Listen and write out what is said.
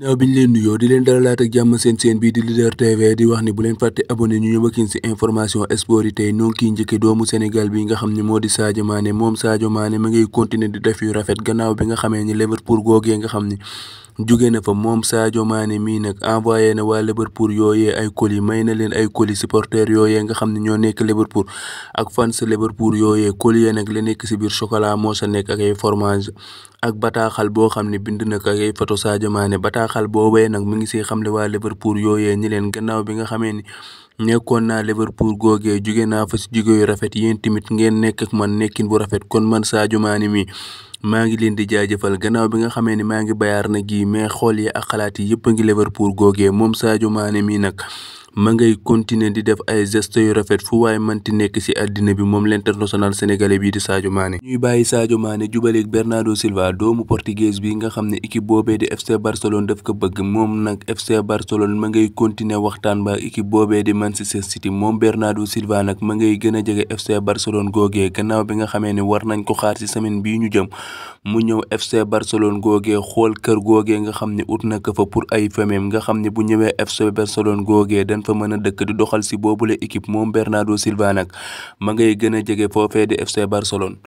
ginnaaw bi ñu leen nuyoo di leen dalalaat laata jàmm seen seen bi di Leader TV di wax ni bu leen fàtte abonné ñu ñëw ak ci information sport yi tey noo kii doomu Sénégal bi nga xam ne moo di Sadio Mané moom Sadio Mané ma ngi continuer di def yu rafet gannaaw bi nga xamee ni Liverpool googee nga xam ni jóge na fa moom Sadio Mané mii nag envoyé na waa Liverpool yooyee ay colis may na leen ay colis supporters yooyee nga xam ne ñoo nekk Liverpool ak fans Liverpool yooyee colis ya nag la nekk ci biir chocolat moo sa nekk ak ay fromage ak bataaxal boo xam ne bind na ko ak ay photo Sadio Mané bataaxal nag mu ngi ci xamle waa Liverpool yooyee ñi leen gannaaw bi nga xamee ni nekkoon naa Liverpool googee jóge naa fa si jóge yu rafet yéen tamit ngeen nekk ak man nekkin bu rafet kon man Sadio Mané mii maa ngi leen di jaajëfal gannaaw bi nga xamee ni maa ngi bayaar na gi mais xool yi ak xalaat yi yëpp a ngi Liverpool googee moom Sadio Mané mi nag ma ngay continuer di def ay gestes yu rafet fu waay mënti nekk ci àddina bi moom l'international sénégalais bii di Sadio Mané ñuy bàyyi Sadio Mané jubaleeg Bernardo Silva doomu portugais bi nga xam ne équipe boobee di FC Barcelone def ko bëgg moom nag FC Barcelone ma ngay continuer waxtaan ba équipe boobee di Manchester City moom Bernardo Silva nag ma ngay gën a jege FC Barcelone googee gannaaw bi nga xamee ne war nañ ko xaar ci semaine bii ñu jëm mu ñëw FC Barcelone googee xool kër googee nga xam ne ut na ko fa pour ay femeem nga xam ne bu ñëwee FC Barcelone googee fa mën a dëkk di doxal si boobule équipe moom Bernardo Silva nag ma ngay gën a jege foofee di FC Barcelone.